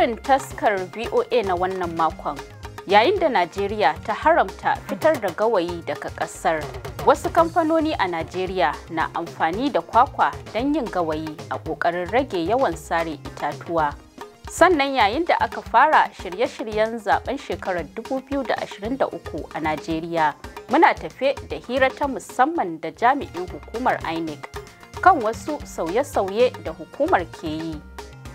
Shirin taskar VOA na wannan makon yayin da Najeriya ta haramta fitar da gawayi daga ƙasar. Wasu kamfanoni a Najeriya na amfani da kwakwa don yin gawayi a ƙoƙarin rage yawan sare itatuwa. Sannan yayin da aka fara shirye-shiryen zaben shekarar 2023 a Najeriya, muna tafe da hira ta musamman da jami'in hukumar INEC kan wasu sauye-sauye da hukumar ke yi.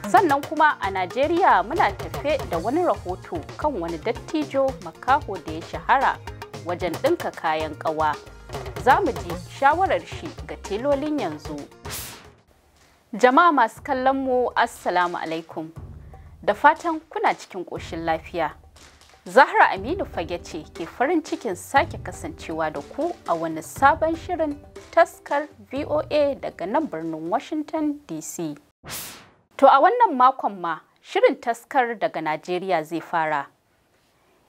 sannan kuma a najeriya muna tafe da wani rahoto kan wani dattijo makaho da ya shahara wajen ɗinka kayan ƙawa za mu ji shawarar shi ga telolin yanzu jama'a masu kallon mu assalamu alaikum da fatan kuna cikin ƙoshin lafiya zahra aminu fage ce ke farin cikin sake kasancewa da ku a wani sabon shirin taskar voa daga nan birnin washington dc To a wannan makon ma shirin taskar daga Najeriya zai fara.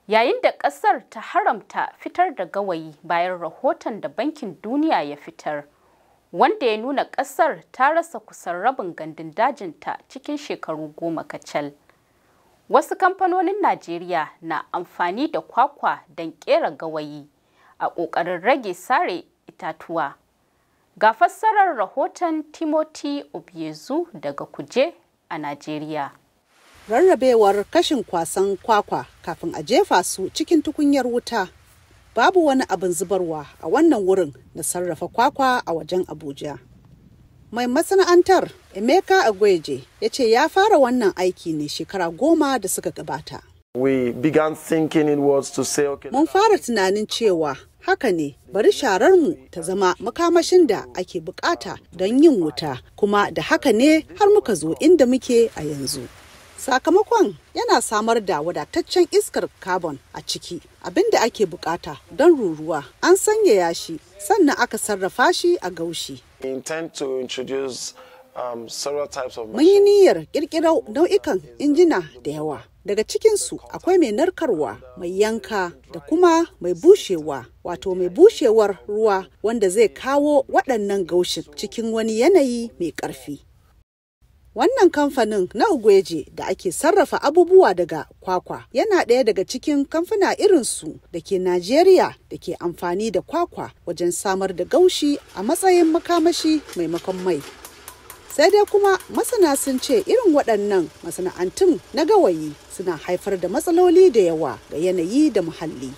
Yayin da ƙasar ta haramta fitar da gawayi bayan rahoton da Bankin Duniya ya fitar, wanda ya nuna ƙasar ta rasa kusan rabin gandun dajinta cikin shekaru goma kacal. Wasu kamfanonin Najeriya na amfani da kwakwa don ƙera gawayi a ƙoƙarin rage sare itatuwa. Ga fassarar rahoton Timoti Obiezu daga Kuje a Najeriya. Rarrabewar kashin kwasan kwakwa kafin a jefa su cikin tukunyar wuta. Babu wani abin zubarwa a wannan wurin na sarrafa kwakwa a wajen Abuja. Mai masana'antar Emeka Agweje ya ce ya fara wannan aiki ne shekara goma da suka gabata. Mun fara tunanin cewa haka ne bari shararmu ta zama makamashin da ake bukata don yin wuta kuma da haka ne har muka zo inda muke a yanzu. Sakamakon yana samar da wadataccen iskar carbon a ciki abinda ake bukata don ruruwa an sanyaya shi sannan aka sarrafa shi a gaushi. Um, Mun yi niyyar kirkirar nau'ikan injina da yawa. daga cikinsu akwai mai narkarwa mai yanka da kuma mai bushewa wato mai bushewar ruwa wanda zai kawo waɗannan gaushin cikin wani yanayi mai ƙarfi wannan kamfanin na ugweje da ake sarrafa abubuwa daga kwakwa yana ɗaya daga cikin kamfuna irinsu da ke najeriya da ke amfani da kwakwa wajen samar da gaushi a matsayin makamashi maimakon mai sai dai kuma masana sun ce irin waɗannan masana'antun na gawayi suna haifar da matsaloli da yawa ga yanayi da muhalli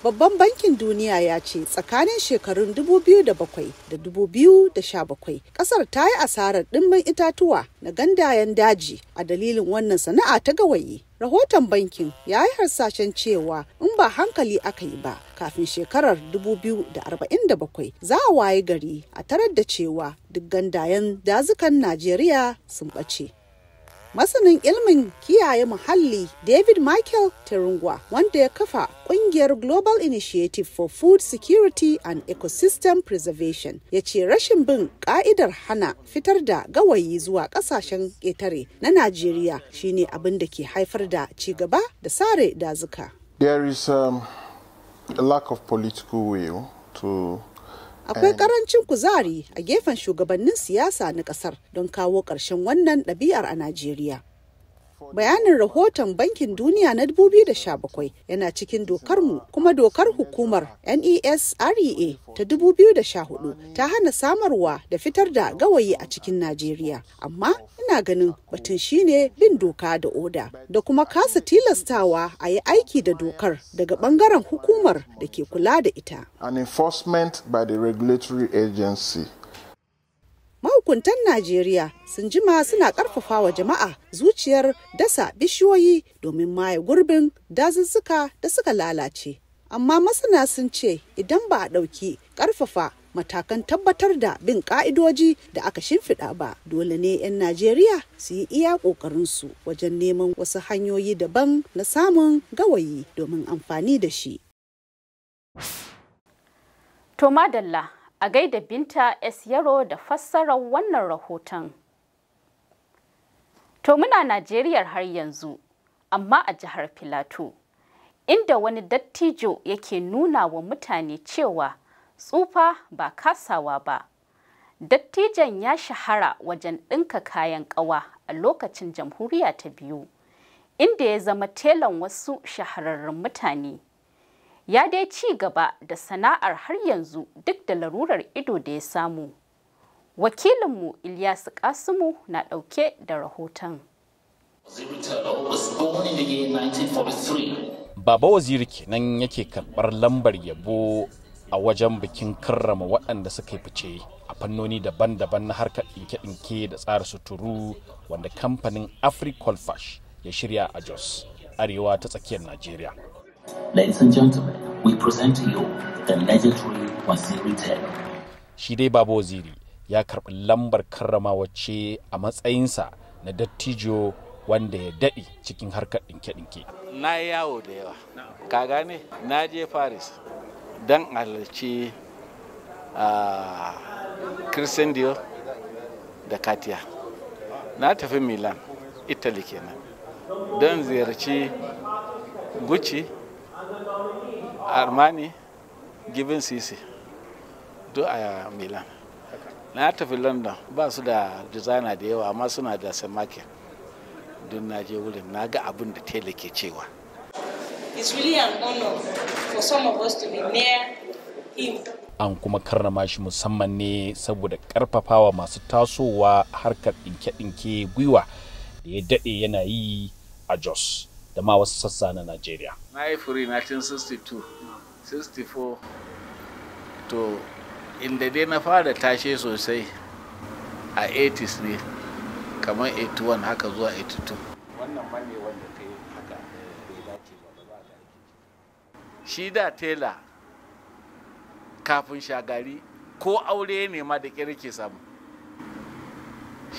Babban bankin duniya ya ce tsakanin shekarun 2007 da 2017 kasar ta yi asarar ɗimbin itatuwa na gandayen daji a dalilin wannan sana'a ta gawayi. Rahoton bankin ya yi harsashen cewa in ba hankali aka yi ba kafin shekarar 2047 za a waye gari a tarar da cewa duk gandayen dazukan Najeriya sun ɓace. masanin ilmin kiyaye muhalli david michael terungwa wanda ya kafa kungiyar global initiative for food security and ecosystem preservation ya ce rashin bin ka'idar hana fitar da gawayi zuwa kasashen ƙetare na najeriya shine abin da ke haifar da ci gaba da sare dazuka there is um, akwai eh. karancin kuzari a gefen shugabannin siyasa na kasar don kawo ƙarshen wannan ɗabi'ar a Najeriya. Bayanin rahoton Bankin Duniya na 2017 yana cikin dokar mu, kuma dokar hukumar NESREA ta 2014 ta hana samarwa da fitar da gawayi a cikin Najeriya. Amma ina ganin batun shine bin doka da oda da kuma kasa tilastawa a yi aiki da dokar daga bangaren hukumar da ke kula da ita. An enforcement by the regulatory agency. mahukuntan najeriya sun jima suna karfafa wa jama'a zuciyar dasa bishiyoyi domin maye gurbin dazuzzuka da suka lalace amma masana sun ce idan ba a ɗauki karfafa matakan tabbatar da bin ka'idoji da aka shimfiɗa ba dole ne 'yan najeriya su yi iya ƙoƙarinsu wajen neman wasu hanyoyi daban na samun gawayi domin amfani da shi to madalla A gaida Binta S. Yaro da fassarar wannan rahoton. To muna Najeriya har yanzu, amma a jihar Filato, inda wani dattijo yake nuna wa mutane cewa tsufa ba kasawa ba. Dattijan ya shahara wajen ɗinka kayan ƙawa a lokacin jamhuriya ta biyu, inda ya zama telan wasu shahararrun mutane. ya dai ci gaba da sana'ar har yanzu duk da larurar ido da ya samu wakilinmu ilyasu kasimu na ɗauke da rahoton baba waziri kenan yake karɓar lambar yabo a wajen bikin karrama waɗanda suka fice a fannoni daban-daban na harkar ɗinke-ɗinke da tsara suturu wanda kamfanin africolfash ya shirya a jos arewa ta tsakiyar najeriya Ladies and gentlemen, we present to you the legendary Waziri tale. Shi dai Babu Waziri ya karɓi lambar karramawa ce a matsayinsa na dattijo wanda ya daɗe cikin harkar ɗinke-ɗinke. Na yawo da yawa, ka gane? Na je Paris don a Christian Dior da Katia. Na tafi Milan, Italy kenan, don ziyarci Gucci armani given cc duk a milan na tafi london ba su da designer da yawa amma suna da samake don na je wurin na ga abin da tele ke cewa it's really an honor for some of us to an kuma karrama shi musamman ne saboda karfafawa masu tasowa harkar ɗinke-ɗinke gwiwa da ya daɗe yana yi a jos da ma wasu sassa na Najeriya. Na yi furi 1962, 64 to inda dai na fara tashe sosai a 80s ne kamar 81 haka zuwa 82. Wannan ma ne wanda ta yi haka eh, bai ya ba ba da Shi da tela kafin shagari ko aure ne ma da kirki samu.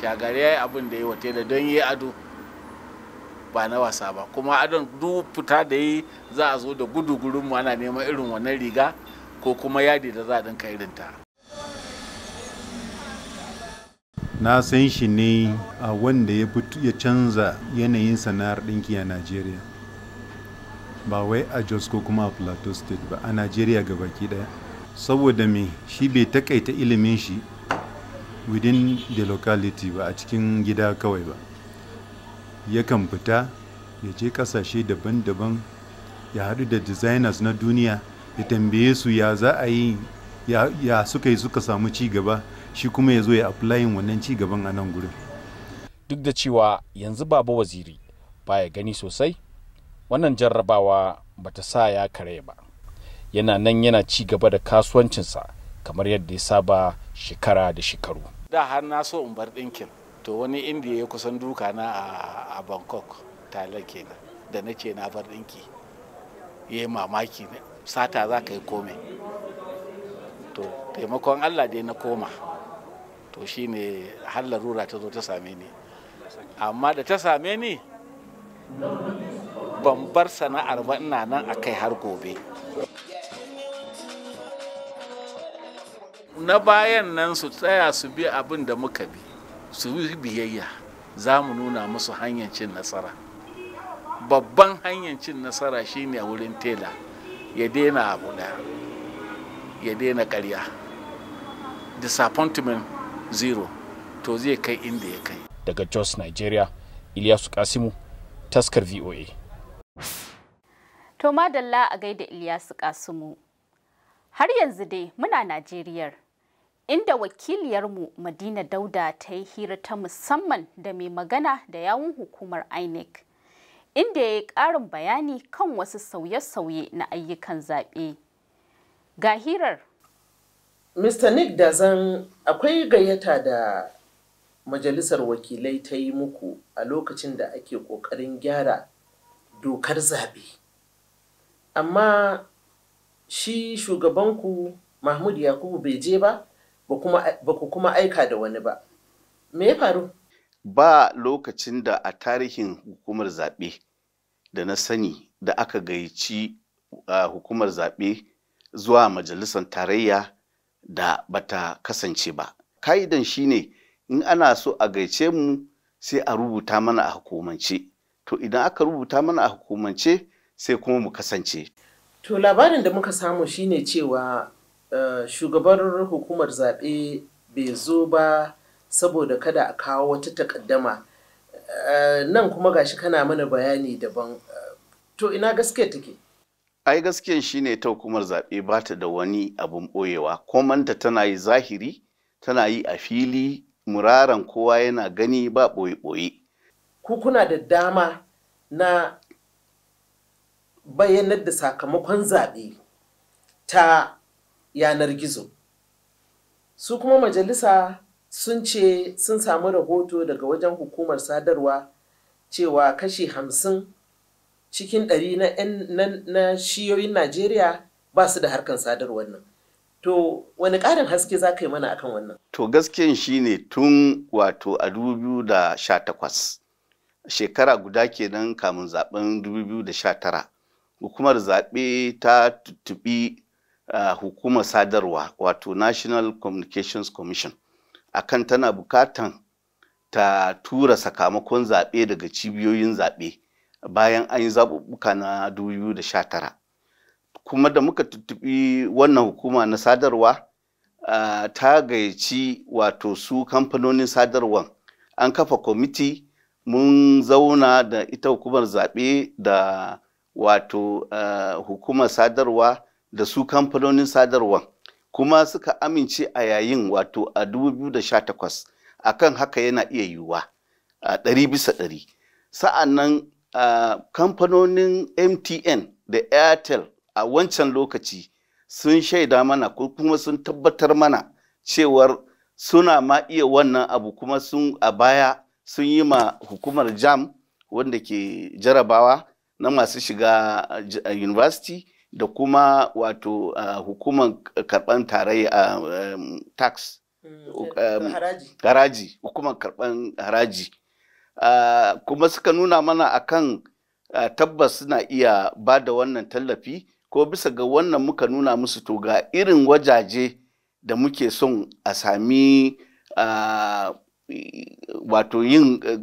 Shagari ya yi abin da ya yi wa tela don yi ado. ba na wasa ba kuma adon duk fita da yi za a zo da gudu gurin mu ana neman irin wannan riga ko kuma yadi da za a dinka irin ta na san shi ne a wanda ya canza yanayin sana'ar dinki a najeriya ba wai a jos ko kuma a plateau state ba a najeriya ga baki ɗaya saboda me shi bai takaita ilimin shi within the locality ba a cikin gida kawai ba yakan fita ya je kasashe daban-daban ya haɗu da designers na duniya ya tambaye su ya za a yi ya suka yi suka samu ci gaba shi kuma ya zo ya apply wannan ci gaban a nan gurin duk da cewa yanzu baba waziri ba ya gani sosai wannan jarrabawa ba ta sa ya kare ba yana nan yana ci gaba da kasuwancinsa kamar yadda ya saba shekara da shekaru da har na so in bar ɗinkin to wani indiya ya kusan duka na a bangkok tare kenan da na ce na bar ɗinki ya yi mamaki sata za ka yi kome to taimakon allah dai na koma to shi ne har larura ta zo ta same ni amma da ta same ni ban bar sana'ar ba nan a kai har gobe na bayan nan su tsaya su bi abin da muka bi su yi biyayya za mu nuna musu hanyar cin nasara babban hanyar cin nasara shine a wurin tela ya daina abu daya ya daina karya disappointment zero to zai kai inda ya kai daga jos nigeria ilyasu kasimu taskar voa to madalla a gaida ilyasu kasimu har yanzu dai muna najeriyar inda wakiliyarmu Madina Dauda ta yi hira ta musamman da mai magana da yawun hukumar INEC, inda ya yi ƙarin bayani kan wasu sauye-sauye na ayyukan zaɓe. Ga hirar. Mr. Nick zan akwai gayyata da Majalisar Wakilai ta yi muku a lokacin da ake ƙoƙarin gyara dokar zaɓe. Amma shi shugabanku Mahmud Yakubu bai je ba? ba ku kuma aika da wani ba me ya faru ba lokacin da a tarihin hukumar zaɓe da na sani da aka gayyaci hukumar zaɓe zuwa majalisar tarayya da bata kasance ba ka'idan shine in ana so a gaice mu sai a rubuta mana a hukumance to idan aka rubuta mana a hukumance sai kuma mu kasance to labarin da muka samu shine cewa Eh, shugabar hukumar zaɓe bai zo ba saboda kada a kawo wata takaddama eh, nan kuma gashi kana mana bayani daban eh, to ina gaske take ai shi shine ta hukumar zaɓe ba ta da wani abun ɓoyewa komanta tana yi zahiri tana yi a fili muraran kowa yana gani ba ɓoye-ɓoye ku kuna da dama na bayyanar da sakamakon zaɓe ta yanar gizo su kuma majalisa sun ce sun samu rahoto daga wajen hukumar sadarwa cewa kashi hamsin cikin ɗari na, shiyoyin najeriya ba su da harkar sadarwar nan to wani ƙarin haske za ka yi mana akan wannan to gaskiyan shine tun wato a 2018 shekara guda kenan kamun zaben 2019 hukumar zaɓe ta tutubi. uh, hukumar sadarwa wato national communications commission akan tana bukatan ta tura sakamakon zaɓe daga cibiyoyin zaɓe bayan an yi zaɓuɓɓuka na 2019 kuma da muka tuttubi wannan hukuma na sadarwa uh, ta gayyaci wato su kamfanonin sadarwar an kafa kwamiti mun zauna da ita hukumar zaɓe da wato uh, hukumar sadarwa da su kamfanonin sadarwa kuma suka amince a yayin wato a 2018 akan haka yana iya yiwuwa a ɗari bisa ɗari sa'annan kamfanonin mtn da airtel a wancan lokaci sun shaida mana ko kuma sun tabbatar mana cewar suna ma iya wannan abu kuma sun a baya sun yi ma hukumar jam wanda ke jarabawa na masu shiga university da kuma wato hukumar karban tarayya tax mm, eh, haraji hukumar karban haraji kuma suka nuna mana akan tabbas suna iya ba da wannan tallafi ko bisa ga wannan muka nuna musu to ga irin wajaje da muke son a sami wato yin eh,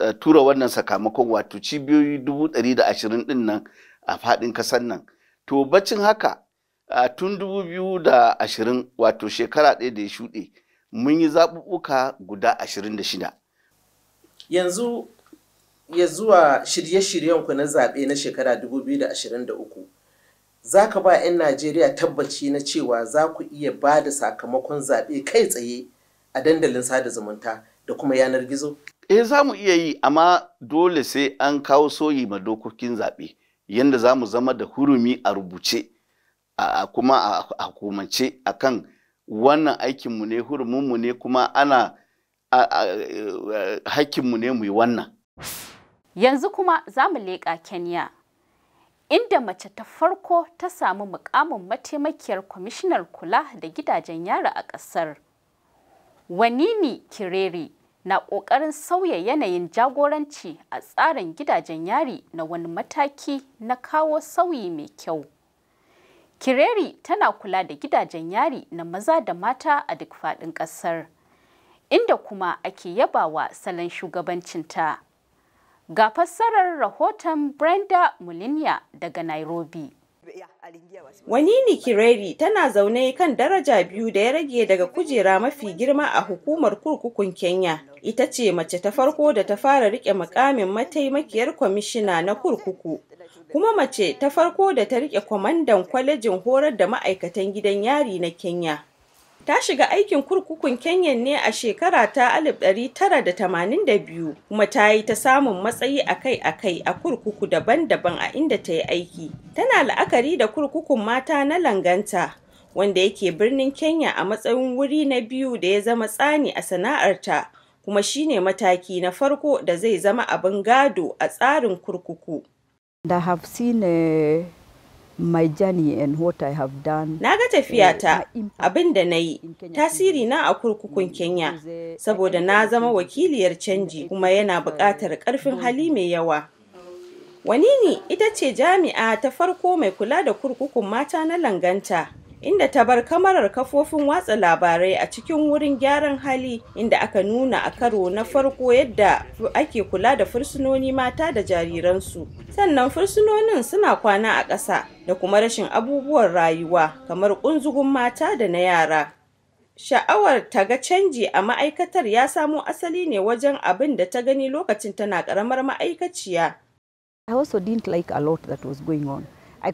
eh, tura wannan sakamakon wato cibiyoyi dubu din da nan a faɗin ƙasar nan to bacin haka a tun 2020 wato shekara ɗaya da ya shuɗe mun yi zaɓuɓɓuka guda 26 yanzu ya zuwa shirye-shiryen ku na zaɓe na shekara 2023 za ka ba 'yan najeriya tabbaci na cewa za ku iya ba da sakamakon zaɓe kai tsaye a dandalin sada zumunta da kuma yanar gizo? eh za mu iya yi amma dole sai an kawo soyi ma dokokin zaɓe yadda za mu zama da hurumi a rubuce a kuma a hukumance a kan wannan aikinmu ne hurumunmu ne kuma ana hakkinmu ne mu yi wannan. Yanzu kuma za mu leƙa Kenya, inda mace ta farko ta samu mukamin mataimakiyar kwamishinar kula da gidajen yara a ƙasar. Wanini Kireri na ƙoƙarin sauya yanayin jagoranci a tsarin gidajen yari na wani mataki na kawo sauyi mai kyau. Kireri tana kula da gidajen yari na maza da mata a duk faɗin ƙasar, inda kuma ake yabawa salon shugabancinta. Ga fassarar rahoton Brenda Mulinya daga Nairobi. Wanini Kireri tana zaune kan daraja biyu da ya rage daga kujera mafi girma a hukumar kurkukun Kenya. Ita ce mace ta farko da ta fara rike mukamin mataimakiyar kwamishina na kurkuku. Kuma mace ta farko da ta rike kwamandan kwalejin horar da ma'aikatan gidan yari na Kenya. ta shiga aikin kurkukun Kenya ne a shekara ta 1982 kuma ta yi ta samun matsayi akai-akai a kurkuku daban-daban a inda ta yi aiki. Tana la'akari da kurkukun mata na Langanta wanda yake birnin Kenya a matsayin wuri na biyu da ya zama tsani a sana'arta kuma shine mataki na farko da zai zama abin gado a tsarin kurkuku. Da have seen, eh, my journey and what I have done. Na ga tafiyata eh, abin da na yi, tasiri na a kurkukun Kenya, eh, saboda na zama wakiliyar canji kuma yana buƙatar ƙarfin hali mai yawa. Wanini ita ce jami'a ta farko mai kula da kurkukun mata na langanta. inda ta bar kamarar kafofin watsa labarai a cikin wurin gyaran hali inda aka nuna a karo na farko yadda ake kula da fursunoni mata da jariransu sannan fursunonin suna kwana a ƙasa da kuma rashin abubuwan rayuwa kamar ƙunzugun mata da na yara sha'awar ta ga canji a ma'aikatar ya samo asali ne wajen abin da ta gani lokacin tana ƙaramar ma'aikaciya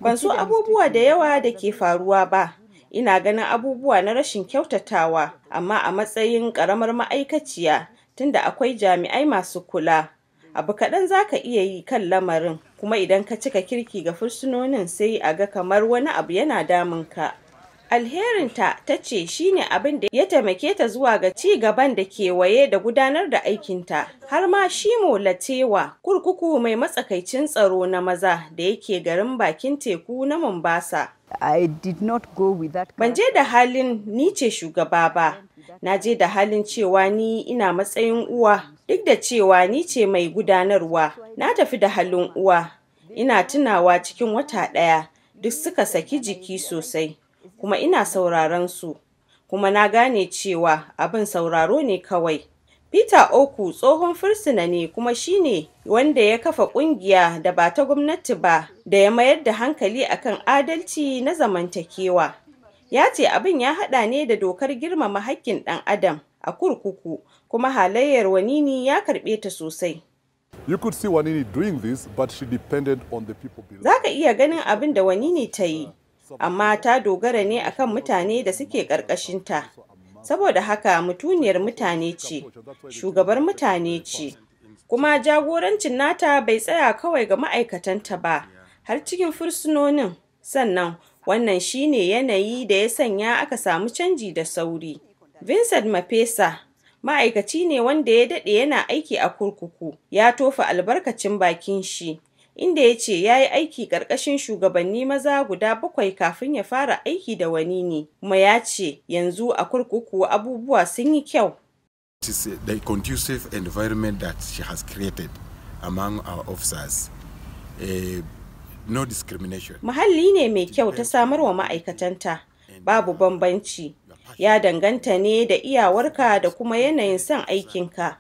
ban so abubuwa da yawa da ke faruwa ba ina ganin abubuwa na rashin kyautatawa amma a matsayin karamar ma'aikaciya tunda akwai jami'ai masu kula abu kaɗan za ka iya yi kan lamarin kuma idan ka cika kirki ga fursunonin sai a ga kamar wani abu yana damun ka alherinta ta ce shine abin da ya taimake ta zuwa ga ci gaban da kewaye da gudanar da aikinta har ma shi latewa kurkuku mai matsakaicin tsaro na maza da yake garin bakin teku na mombasa I did not go with that. Ban je da halin ni ce shugaba ba, na je da halin cewa ni ina matsayin uwa, duk da cewa ni ce mai gudanarwa, na tafi da halin uwa, ina tunawa cikin wata ɗaya duk suka saki jiki sosai, kuma ina sauraron su, kuma na gane cewa abin sauraro ne kawai. Peter Oku tsohon fursuna ne kuma shine wanda ya kafa kungiya da ba ta gwamnati ba da ya mayar da hankali akan adalci na zamantakewa. Ya ce abin ya hada ne da dokar girmama haƙƙin ɗan adam a kurkuku kuma halayyar Wanini ya karɓe ta sosai. You could see Wanini doing this but she depended on the Zaka iya ganin abin da Wanini ta yi amma ta dogara ne akan mutane da suke ƙarƙashinta. saboda haka mutuniyar mutane ce shugabar mutane ce kuma jagorancin nata bai tsaya kawai ga ma'aikatanta ba har cikin fursunonin sannan wannan shine yanayi da ya sanya aka samu canji da sauri vincent mafesa ma'aikaci ne wanda ya dade yana aiki a kurkuku ya tofa albarkacin bakin shi inda ya ce ya yi aiki ƙarƙashin shugabanni maza guda bakwai kafin ya fara aiki da wani ne, kuma ya ce yanzu a kurkuku abubuwa sun yi kyau. It is the conducive environment that she has created among our officers. Uh, no discrimination. Muhalli ne mai kyau ta samar wa ma'aikatanta, babu bambanci. Ya danganta ne da iyawarka da kuma yanayin son aikinka.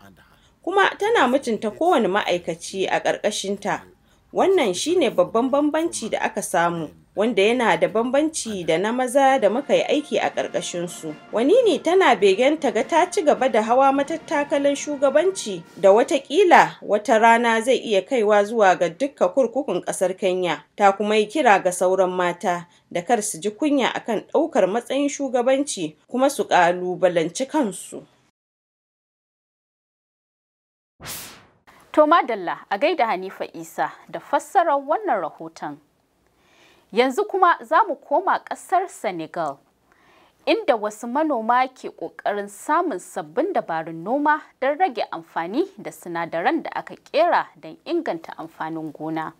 Kuma tana mutunta kowane ma'aikaci a ƙarƙashinta. Wannan shi ne babban bambanci da aka samu, wanda yana da bambanci da na maza da muka yi aiki a ƙarƙashinsu. Wanini tana begen taga ta ci gaba da hawa matattakalan shugabanci da watakila wata rana zai iya kaiwa zuwa ga dukka kurkukun ƙasar Kenya. Ta kuma yi kira ga sauran mata da kar su ji kunya akan ɗaukar matsayin shugabanci kuma su ƙalubalanci kansu. To madalla a gaida Hanifa Isa da fassarar wannan rahoton. Yanzu kuma za mu koma ƙasar Senegal, inda wasu manoma ke ƙoƙarin samun sabbin dabarun noma don rage amfani da sinadaran da aka ƙera don inganta amfanin gona.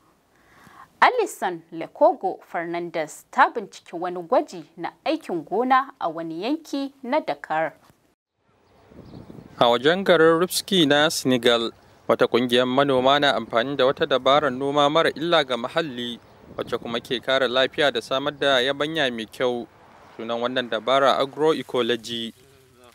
Alison Lekogo Fernandez ta binciki wani gwaji na aikin gona a wani yanki na Dakar. A wajen garin Rupski na Senegal, Wata ƙungiyar manoma na amfani da wata dabarar noma mara illa ga muhalli wacce kuma ke kare lafiya da samar da yabanya mai kyau. Sunan wannan dabara agroecology.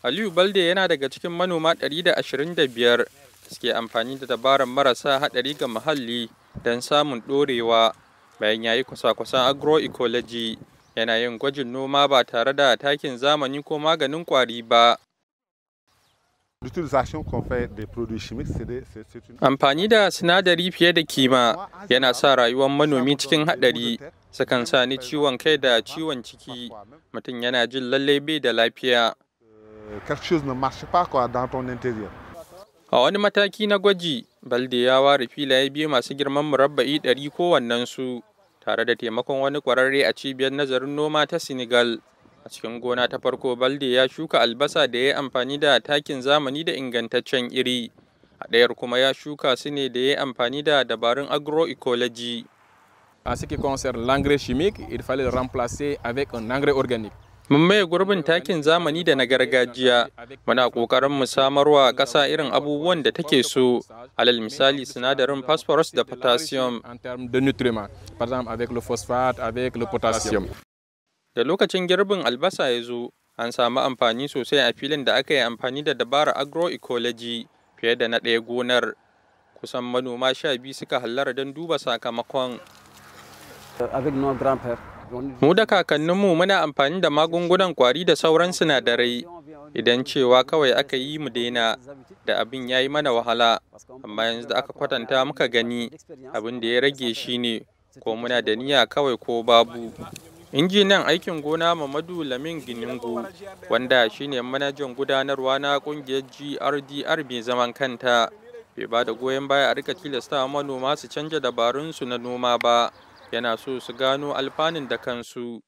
Aliyu Balde yana daga cikin manoma 125 suke amfani da dabarar marasa haɗari ga muhalli don samun ɗorewa. Bayan yayi yi kwasa-kwasan agroecology yana yin gwajin noma ba tare da takin zamani ko maganin ƙwari ba. Amfani da sinadari fiye da kima yana sa rayuwar manomi cikin haɗari, sukan sa ni ciwon kai da ciwon ciki, mutum yana jin lallai bai da lafiya. Eh, a wani mataki na gwaji, Balde ya ware filaye biyu masu girman murabba'i ɗari kowannensu, tare da taimakon wani ƙwararre a cibiyar nazarin noma ta Senegal. a cikin gona ta farko balde ya shuka albasa da ya yi amfani da takin zamani da ingantaccen iri a ɗayar kuma ya shuka su ne da ya amfani da dabarun agroecology A suke konsert l'engrais chimique il fallait avec un engrais organique mun maye gurbin takin zamani da na gargajiya muna kokarin musamarwa samarwa ƙasa irin abubuwan da take so alal misali sinadarin phosphorus da potassium Da lokacin girbin albasa ya zo, an samu amfani sosai a filin da aka yi amfani da dabarar agroecology fiye da na ɗaya gonar. Kusan manoma sha biyu suka hallara don duba sakamakon. Mu da kakanninmu muna amfani da magungunan kwari da sauran sinadarai. Idan cewa kawai aka yi mu daina da abin ya yi mana wahala, amma yanzu da aka kwatanta muka gani abin da ya rage shi ne ko muna da niyya kawai ko babu. injiniyan aikin gona mamadu lamin giningu wanda shine manajan gudanarwa na kungiyar grdr mai zaman kanta bai ba da goyon baya a rika tilasta manoma su canja dabarunsu na noma ba yana so su gano alfanun da kansu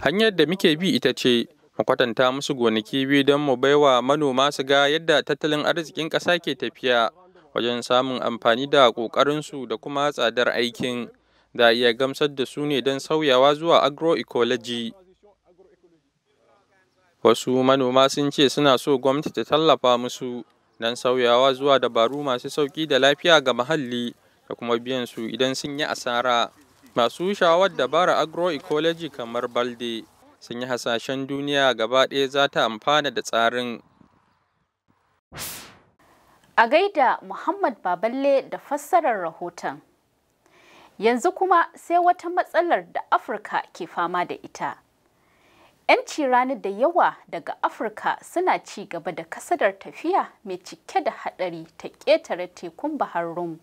hanyar da muke bi ita ce mu kwatanta musu gonaki biyu don mu baiwa manoma su ga yadda tattalin arzikin ƙasa ke tafiya wajen samun amfani da ƙoƙarinsu da kuma tsadar aikin da iya gamsar da su ne don sauyawa zuwa agroecology. Wasu manoma sun ce suna so gwamnati ta tallafa musu don sauyawa zuwa dabaru masu sauƙi da lafiya ga muhalli da kuma biyan su idan sun yi asara. Masu shawar dabara agroecology kamar Balde sun yi hasashen duniya gaba ɗaya za ta amfana da tsarin. A gaida Muhammad Baballe da fassarar rahoton. Yanzu kuma sai wata matsalar da Afirka ke fama da ita. 'Yanci rani da yawa daga Afirka suna ci gaba da kasadar tafiya mai cike da haɗari ta ƙetare tekun Bahar Rum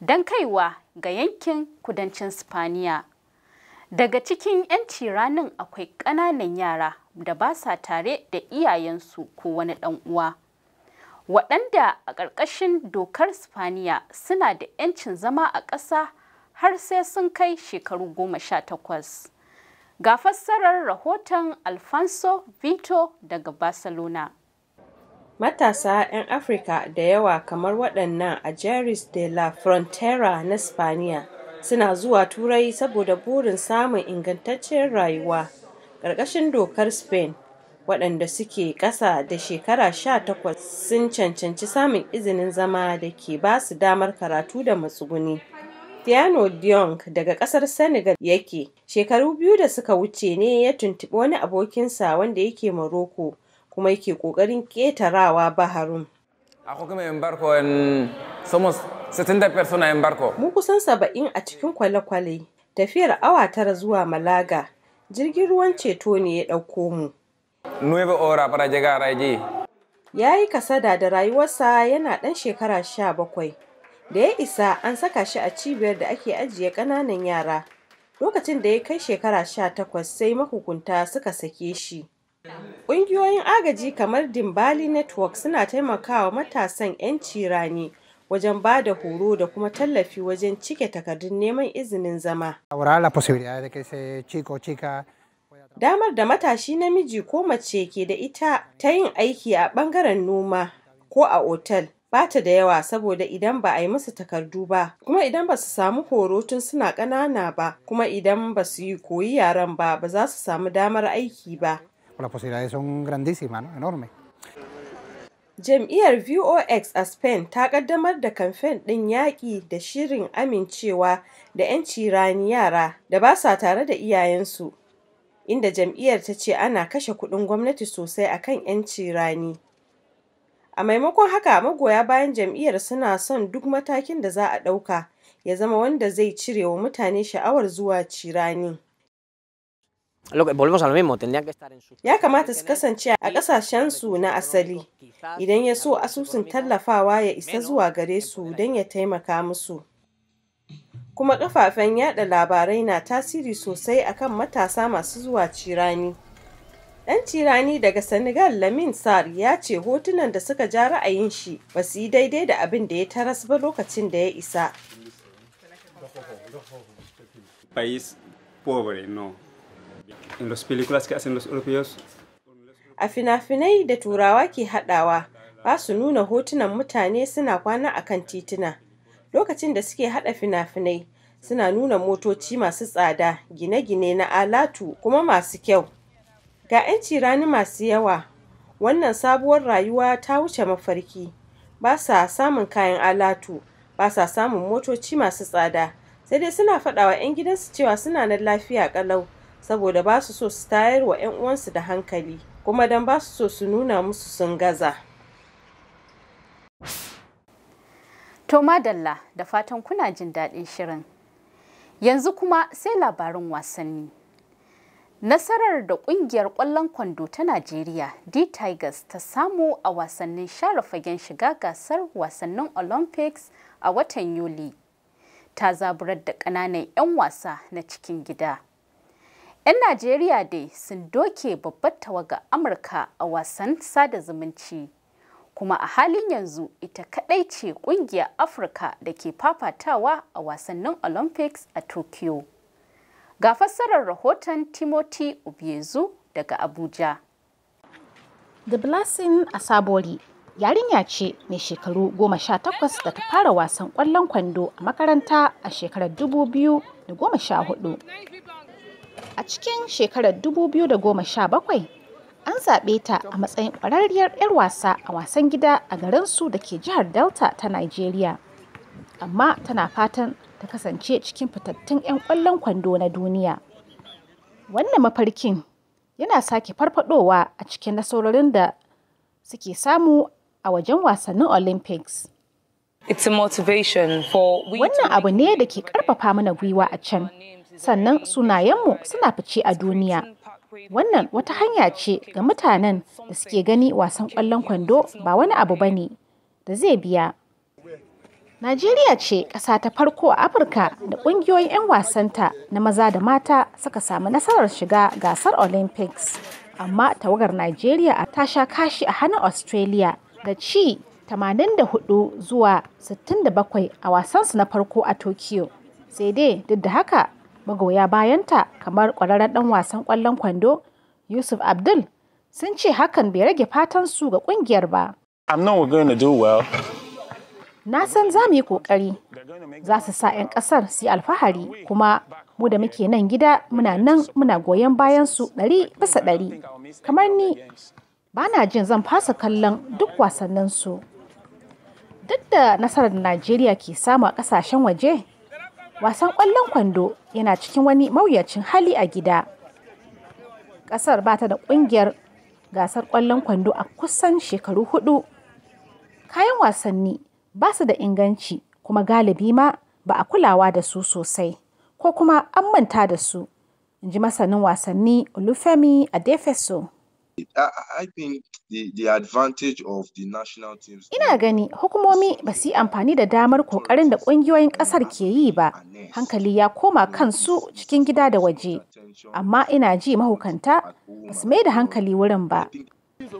don kaiwa ga yankin kudancin Spaniya. Daga cikin 'yanci ranin akwai ƙananan yara da ba sa tare da iyayensu ko wani ɗan uwa. Waɗanda a ƙarƙashin dokar Spaniya suna da 'yancin zama a ƙasa har sai sun kai shekaru goma sha takwas. Ga fassarar rahoton Alfonso Vito daga Barcelona. Matasa 'yan Afrika da yawa kamar waɗannan a jeris de la Frontera na Spaniya suna zuwa Turai saboda burin samun ingantaccen rayuwa. Ƙarƙashin dokar Spain, waɗanda suke ƙasa da shekara sha takwas sun cancanci samun izinin zama da ke ba su damar karatu da matsuguni. tiano Diong daga kasar Senegal yake. Shekaru biyu da suka wuce ne ya tuntuɓi wani abokinsa wanda yake Morocco kuma yake ƙoƙarin ƙetarawa baharun. Mu kusan saba'in a cikin kwale-kwale, tafiyar awa tara zuwa Malaga, jirgin ruwan ceto ne ya ɗauko mu. Nueva hora para llegar allí. Ya yi kasada da rayuwarsa yana ɗan shekara sha bakwai. da ya isa an saka shi a cibiyar da ake ajiye ƙananan yara lokacin da ya kai shekara sha takwas sai mahukunta suka sake shi ƙungiyoyin agaji kamar dimbali network suna taimakawa matasan 'yanci rani wajen ba da horo da kuma tallafi wajen cike takardun neman izinin zama. Damar da matashi namiji ko mace ke da ita ta yin aiki a ɓangaren noma ko a otal bata da yawa saboda idan ba a yi musu takardu ba kuma idan ba su samu horo tun suna ƙanana ba kuma idan ba su yi koyi yaran ba ba za su samu damar aiki ba. Jam'iyyar VOX a Spain ta kaddamar da kamfen ɗin yaƙi da shirin amincewa da 'yanci rani yara da ba sa tare da iyayensu, inda jam'iyyar ta ce ana kashe kuɗin gwamnati sosai akan 'yanci rani. A maimakon haka, magoya bayan jam'iyyar suna son duk matakin da za a ɗauka ya zama wanda zai cire wa mutane sha'awar zuwa cirani. Ya kamata su kasance a ƙasashensu na asali, idan ya so asusun tallafawa ya isa zuwa gare su don ya taimaka musu. Kuma kafafen yada labarai na tasiri sosai akan matasa masu zuwa cirani. Dan tirani daga Senegal Lamin Sar ya ce hotunan da suka ja ra'ayin shi ba su yi daidai da abin da ya taras ba lokacin da ya isa. A fina-finai da turawa ke haɗawa ba su nuna hotunan mutane suna kwana a kan tituna. Lokacin da suke haɗa fina-finai suna nuna motoci masu tsada, gine-gine na alatu kuma masu kyau. Ga 'yan cirani masu yawa, wannan sabuwar rayuwa ta wuce mafarki, ba sa samun kayan alatu, ba sa samun motoci masu tsada, sai dai suna faɗawa 'yan gidansu cewa suna na lafiya ƙalau, saboda ba su so su tayar wa 'yan uwansu da hankali, kuma don ba su so su nuna musu sun gaza. To madalla da fatan kuna jin daɗin shirin. Yanzu kuma sai labarin wasanni. Nasarar da kungiyar ƙwallon kwando ta Najeriya D-Tigers ta samu a wasannin share fagen shiga gasar wasannin Olympics a watan Yuli ta zaburar da ƙananan 'yan wasa na cikin gida. 'Yan Najeriya dai sun doke babbar tawaga Amurka a wasan sada zumunci. Kuma a halin yanzu ita kaɗai ce ƙungiyar Afirka da ke fafatawa a wasannin Olympics a Tokyo. Ga fassarar rahoton Timothy Ubiezu daga Abuja. The Blessing Asabori yarinya ce mai shekaru goma sha takwas da ta fara wasan kwallon kwando a makaranta a shekarar dubu biyu da goma sha hudu. A cikin shekarar dubu biyu da goma sha bakwai an zaɓe ta a matsayin ƙwararriyar 'yar wasa a wasan gida a garinsu da ke jihar Delta ta Nigeria. Amma tana fatan ta kasance cikin fitattun 'yan ƙwallon kwando na duniya. Wannan mafarkin yana sake farfadowa a cikin nasarorin da suke samu a wajen wasannin Olympics. Wannan abu ne da ke ƙarfafa mana gwiwa a can, sannan sunayenmu suna fice a duniya. Wannan wata hanya ce ga mutanen da suke gani wasan ƙwallon kwando ba wani abu ba ne da zai biya. Najeriya ce ƙasa ta farko a Afirka da ƙungiyoyin 'yan wasanta na maza da mata suka samu nasarar shiga gasar Olympics. Amma tawagar Najeriya ta sha kashi a hannun Australia da ci 84 zuwa 67 a wasansu na farko a Tokyo. Sai dai duk da haka magoya bayanta kamar ƙwararren ɗan wasan ƙwallon kwando Yusuf Abdul sun ce hakan bai rage fatan su ga ƙungiyar ba. na san za mu yi ƙoƙari za su sa 'yan ƙasar su yi alfahari kuma mu da muke nan gida muna nan muna goyon bayan su ɗari bisa ɗari kamar ni ba na jin zan fasa kallon duk wasannin su duk da nasarar najeriya ke samu a ƙasashen waje wasan ƙwallon kwando yana cikin wani mawuyacin hali a gida ƙasar ba ta da ƙungiyar gasar ƙwallon kwando a kusan shekaru hudu kayan wasanni ba su da inganci kuma galibi ma ba a kulawa da su sosai ko kuma an manta da su in ji masanin wasanni olufemi adefeso Ina gani hukumomi ba su yi amfani da damar kokarin da ƙungiyoyin ƙasar ke yi ba, hankali ya koma kansu cikin gida da waje, amma ina ji mahukanta ba su mai da hankali wurin ba.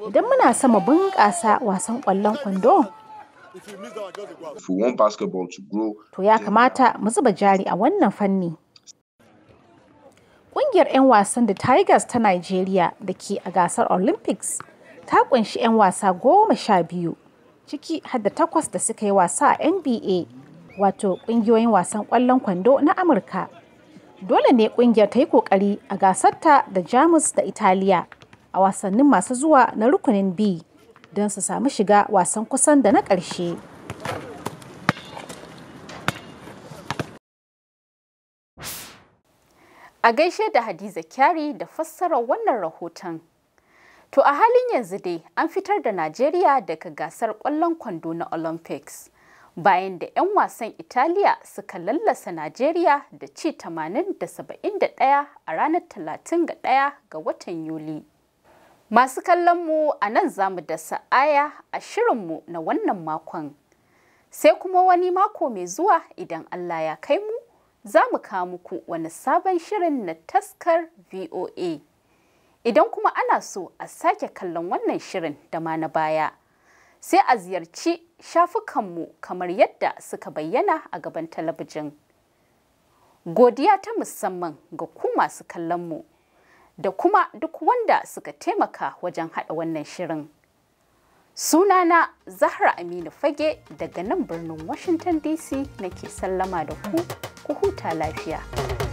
Idan muna sama bunƙasa wasan ƙwallon kwando, To ya kamata mu zuba jari a wannan fanni. Ƙungiyar 'yan wasan da Tigers ta Nigeria da ke a gasar Olympics ta ƙunshi 'yan wasa goma sha biyu ciki har da takwas da suka yi wasa a NBA wato ƙungiyoyin wasan ƙwallon kwando na Amurka. Dole ne ƙungiyar ta yi ƙoƙari a gasarta da Jamus da Italiya a wasannin masu zuwa na rukunin B. don su samu shiga wasan kusan da na ƙarshe. A gaishe da Hadiza Kyari da fassarar wannan rahoton. To a halin yanzu dai an fitar da Najeriya daga gasar ƙwallon kwando na Olympics. Bayan da 'yan wasan Italiya suka lallasa Najeriya da ci 81 da ɗaya a ranar 31 ga watan Yuli. Masu kallon mu a nan za mu da sa'aya a mu na wannan makon. Sai kuma wani mako mai zuwa idan Allah ya kai mu, za mu kawo muku wani sabon shirin na taskar VOA. Idan kuma ana so a sake kallon wannan shirin da ma na baya, sai a ziyarci shafukanmu kamar yadda suka bayyana a gaban talabijin. Godiya ta musamman ga ku masu kallon mu. da kuma duk wanda suka taimaka wajen haɗa wannan shirin. Sunana Zahra Aminu Fage daga nan birnin Washington DC nake sallama da ku, ku huta lafiya.